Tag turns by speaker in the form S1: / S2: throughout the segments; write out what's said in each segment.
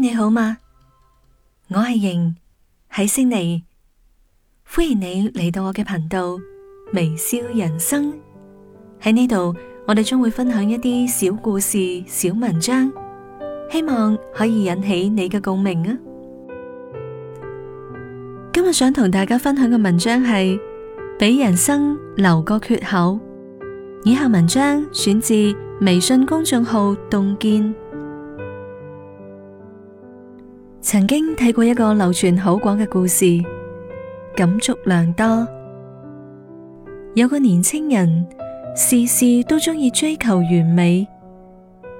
S1: 你好嗎？我係瑩喺悉尼，歡迎你嚟到我嘅頻道微笑人生。喺呢度，我哋將會分享一啲小故事、小文章，希望可以引起你嘅共鳴啊！今日想同大家分享嘅文章係俾人生留個缺口。以下文章選自微信公眾號洞見。曾經睇過一個流傳好廣嘅故事，感觸良多。有個年輕人，事事都鍾意追求完美，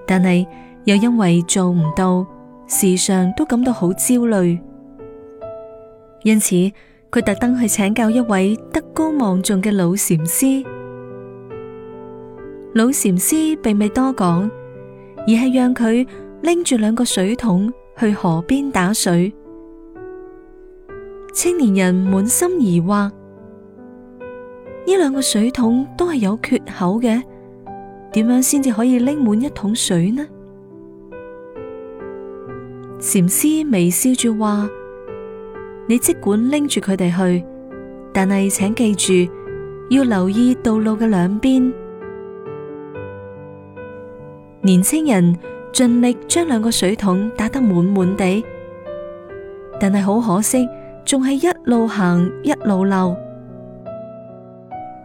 S1: 但係又因為做唔到，時常都感到好焦慮。因此，佢特登去請教一位德高望重嘅老禪師。老禪師並未多講，而係讓佢拎住兩個水桶。去河邊打水，青年人滿心疑惑：呢兩個水桶都係有缺口嘅，點樣先至可以拎滿一桶水呢？禪師微笑住話：你即管拎住佢哋去，但係請記住要留意道路嘅兩邊。年青人。盡力將兩個水桶打得滿滿地，但係好可惜，仲係一路行一路漏。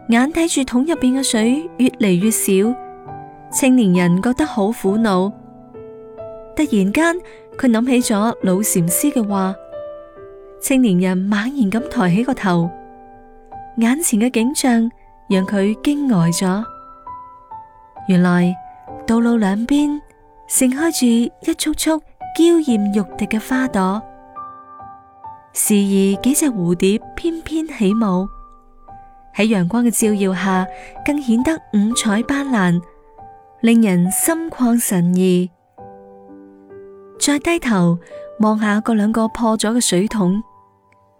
S1: 眼睇住桶入邊嘅水越嚟越少，青年人覺得好苦惱。突然間，佢諗起咗老禪師嘅話，青年人猛然咁抬起個頭，眼前嘅景象讓佢驚呆咗。原來道路兩邊。盛開住一簇簇嬌艷欲滴嘅花朵，時而幾隻蝴蝶翩翩起舞，喺陽光嘅照耀下，更顯得五彩斑斕，令人心曠神怡。再低頭望下嗰兩個破咗嘅水桶，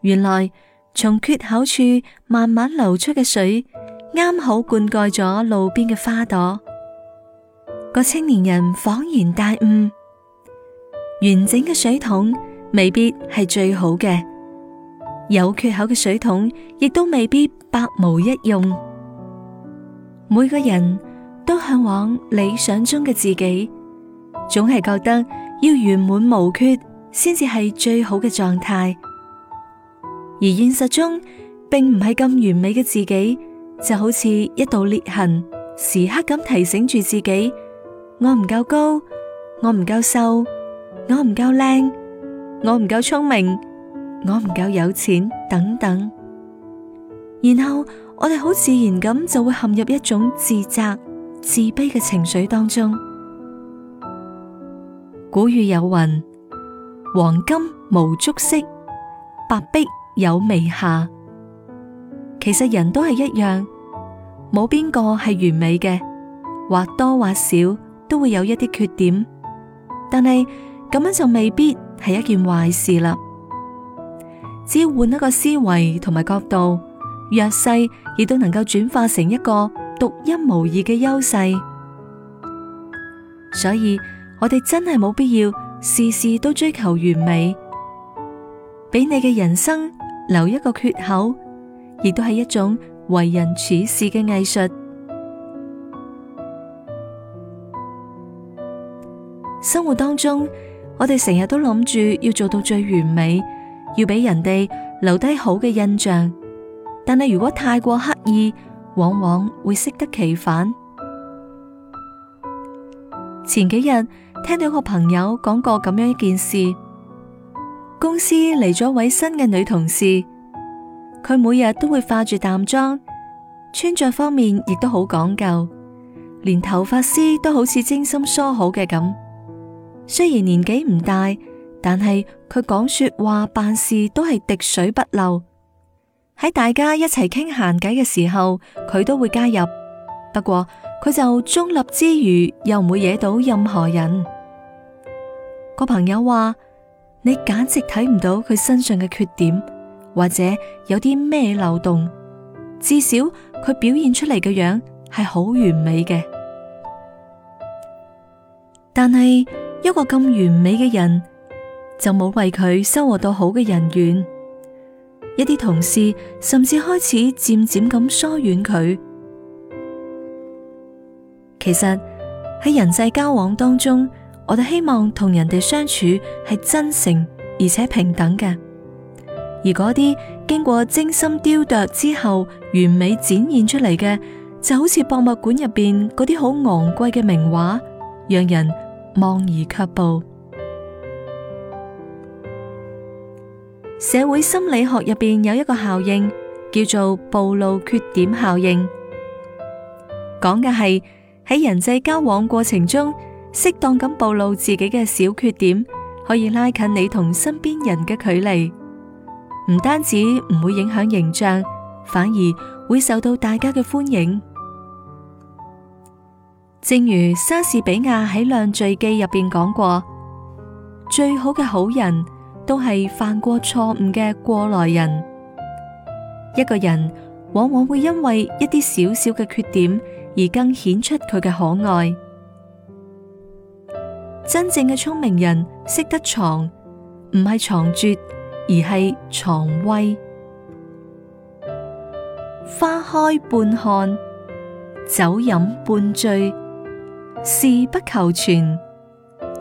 S1: 原來從缺口處慢慢流出嘅水，啱好灌溉咗路邊嘅花朵。個青年人恍然大悟，完整嘅水桶未必係最好嘅，有缺口嘅水桶亦都未必百無一用。每個人都嚮往理想中嘅自己，總係覺得要完滿無缺先至係最好嘅狀態，而現實中並唔係咁完美嘅自己，就好似一道裂痕，時刻咁提醒住自己。我唔夠高，我唔夠瘦，我唔夠靚，我唔夠聰明，我唔夠有錢，等等。然後我哋好自然咁就會陷入一種自責、自卑嘅情緒當中。古語有云：黃金無足色，白璧有微瑕。其實人都係一樣，冇邊個係完美嘅，或多或少。都會有一啲缺點，但係咁樣就未必係一件壞事啦。只要換一個思維同埋角度，弱勢亦都能夠轉化成一個獨一無二嘅優勢。所以，我哋真係冇必要事事都追求完美，俾你嘅人生留一個缺口，亦都係一種為人處事嘅藝術。生活當中，我哋成日都諗住要做到最完美，要俾人哋留低好嘅印象。但係如果太過刻意，往往會適得其反。前幾日聽到個朋友講過咁樣一件事：公司嚟咗位新嘅女同事，佢每日都會化住淡妝，穿着方面亦都好講究，連頭髮絲都好似精心梳好嘅咁。雖然年紀唔大，但係佢講說話、辦事都係滴水不漏。喺大家一齊傾閒偈嘅時候，佢都會加入。不過佢就中立之餘，又唔會惹到任何人。個朋友話：你簡直睇唔到佢身上嘅缺點，或者有啲咩漏洞。至少佢表現出嚟嘅樣係好完美嘅。但係。一個咁完美嘅人，就冇為佢收穫到好嘅人緣。一啲同事甚至開始漸漸咁疏遠佢。其實喺人際交往當中，我哋希望同人哋相處係真誠而且平等嘅。而嗰啲經過精心雕琢之後完美展現出嚟嘅，就好似博物館入邊嗰啲好昂貴嘅名畫，讓人。望而卻步。社會心理學入邊有一個效應，叫做暴露缺點效應，講嘅係喺人際交往過程中，適當咁暴露自己嘅小缺點，可以拉近你同身邊人嘅距離。唔單止唔會影響形象，反而會受到大家嘅歡迎。正如莎士比亞喺《量罪記》入邊講過，最好嘅好人，都係犯過錯誤嘅過來人。一個人往往會因為一啲小小嘅缺點，而更顯出佢嘅可愛。真正嘅聰明人識得藏，唔係藏拙，而係藏威。花開半看，酒飲半醉。事不求全，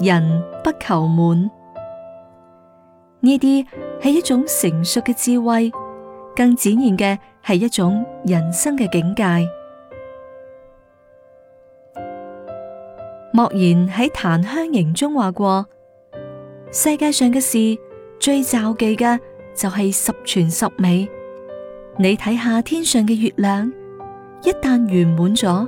S1: 人不求滿，呢啲係一種成熟嘅智慧，更展現嘅係一種人生嘅境界。 莫言喺《檀香刑》中話過：世界上嘅事，最驟忌嘅就係十全十美。你睇下天上嘅月亮，一旦圓滿咗。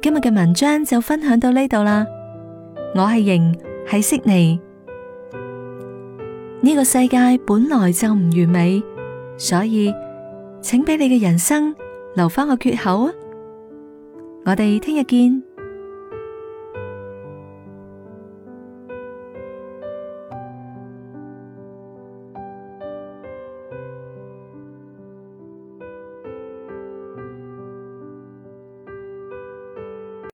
S1: 今日嘅文章就分享到呢度啦，我係瑩，係悉尼。呢個世界本來就唔完美，所以請俾你嘅人生留翻個缺口啊！我哋聽日見。